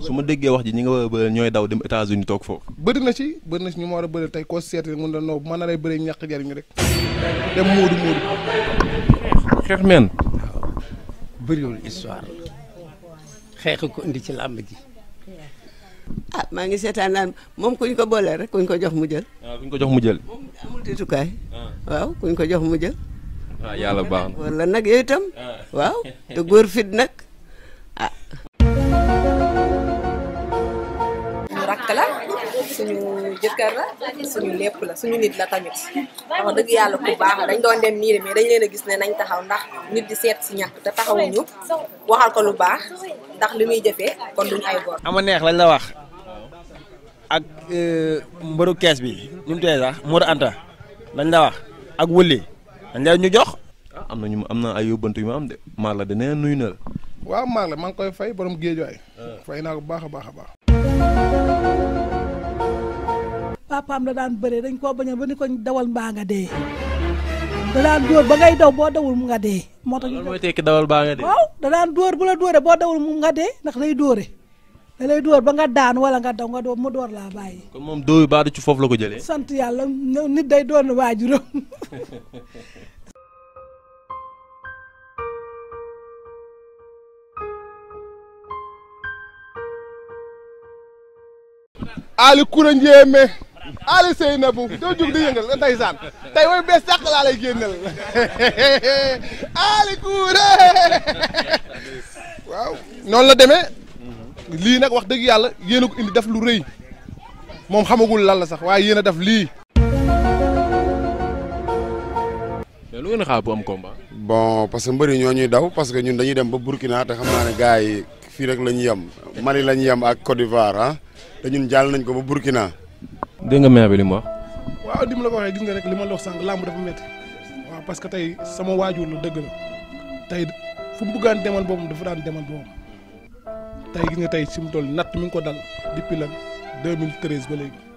su ma déggee wax ji ñi nga war a bëri ñooy daw dem États-Unis toog foofu. bëri na ci bëri na ci ñu ma war a bëri tey koo seet mun na noo mën na lay bëri ñàkk jariñu rek dem Moodu Moodu. xeex meen. bëriwul histoire xeex ko indi ci làmb ji. ah maa ngi seetaan naan moom kuñ ko boole rek kuñ ko jox mu jël. waaw ah, ko jox mu jël. moom ah. waaw kuñ ko jox mu jël. waaw ah, yàlla baax na. waaw te góor fit nag rakk la suñu jëkkër la suñu lépp la suñu nit la tamit wax dëgg yàlla ku baax la dañ doon dem nii de mais dañ leen a gis ne nañ taxaw ndax nit di seet si ñàkk te taxawuñu waxal ko lu baax ndax li muy jëfee kon duñu ay góor. neex lañ la wax ak euh, mbëru kees bi ñu mu tee sax Mor Anta lañ la wax ak wëlli dañ la ñu jox. Ah, am na ñu am na ay yóbbantu yu ma am de Marla de nee nuyu na la. waaw Marla maa ngi koy fay borom géej waay. Ah. fay naa ko bu baax a baax a baax. papaam la daan bëree dañ koo bañal ba ni ko dawal mbaa nga dee da daan dóor ba ngay daw boo dawul mu nga dee moo tax loolu mooy tekki dawal mbaa nga dee waaw da daan dóor bu la dóoree boo dawul mu nga dee ndax lay dóore da lay dóor ba nga daan wala nga daw nga doo mu door laa bàyyi moom dóor yu ci foofu la ko jëlee sant yàlla nit day doon waajuram Ali Koura Ndiémé Aly Seynabou doo jug di yëngal ndeysaan tey mooy bees sàq laa lay génnal Aly Kouré waaw noonu la deme lii nag wax dëgg yàlla yéen a indi def lu rëy moom xamagul lan la sax waaye yéen a def lii. mais lu ngeen xaar bu parce que mbëri ñoo ñuy daw parce que ñun dañuy dem ba Burkina te xam naa ne gars yi fii rek la ñu yem Mali lañu ñu yem ak Côte d'Ivoire ah te ñun jàll nañ ko ba Burkina. dégg nga maire bi li mu wax. waaw di ma la ko waxee gis nga rek li ma la wax sànq làmb dafa métti waaw parce que tey sama waajur la dëgg la tey fu mu bëggaan demal boobu dafa daan demal boobu tey gis nga tey si mu toll natt mi ngi ko dal depuis la 2013 ba léegi.